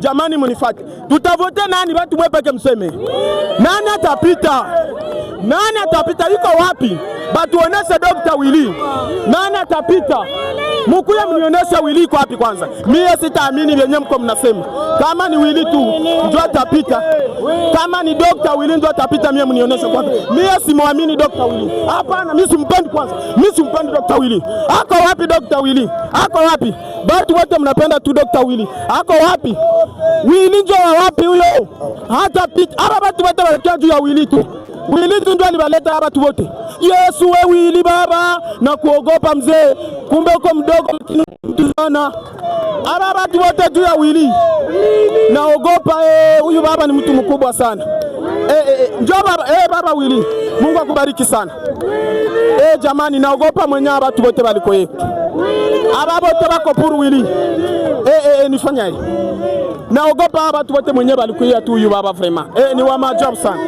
Jamani, munifate, tutavote nani? Watu mwepeke, mseme nani atapita, nani atapita, iko wapi? batuonese Dokta Wili nani atapita, mukuye mnioneshe Wili iko wapi kwanza. Mie sitaamini vyenye mko mnasema. Kama ni wili tu ndio atapita, kama ni dokta Wili ndio atapita. Mimi mnionyeshe kwanza, mimi simwamini dokta Wili. Hapana, mimi simpendi kwanza, mimi simpendi dokta Wili. Ako wapi dokta Wili? Ako wapi? Batu wote mnapenda tu dokta Wili. Ako wapi? Wili ndio wa wapi huyo? Hata pita. Hapa batu wote wanakia juu ya Wili tu. Wili tu ndio alibaleta hapa batu wote. Yesu we Wili baba na kuogopa mzee. Kumbe uko mdogo Ona hapa watu wote juu ya wili naogopa. Huyu eh, baba ni mtu mkubwa sana eh, eh, eh, njoo baba, eh, baba wili, Mungu akubariki sana eh, jamani, naogopa mwenye hapa watu wote waliko yetu hapa wote wako puru wili eh, eh, eh nifanya naogopa watu wote mwenye waliko yetu. Huyu baba vrema eh, ni wa maajabu sana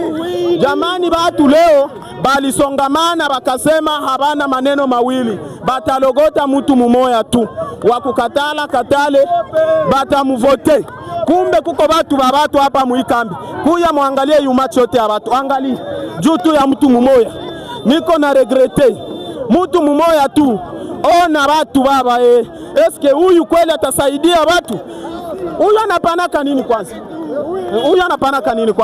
jamani, watu leo balisongamana bakasema habana maneno mawili, batalogota mutu mumoya tu wakukatala katale, batamuvote. Kumbe kuko batu ba batu hapa muikambi, kuya muangalie yumachi yote ya batu, angalie juu tu ya mutu mumoya. Niko na regrete mutu mumoya tu, ona batu baba eh. Eske huyu kweli atasaidia batu? Huyu anapanaka nini kwanza? Huyu anapanaka nini kwanza?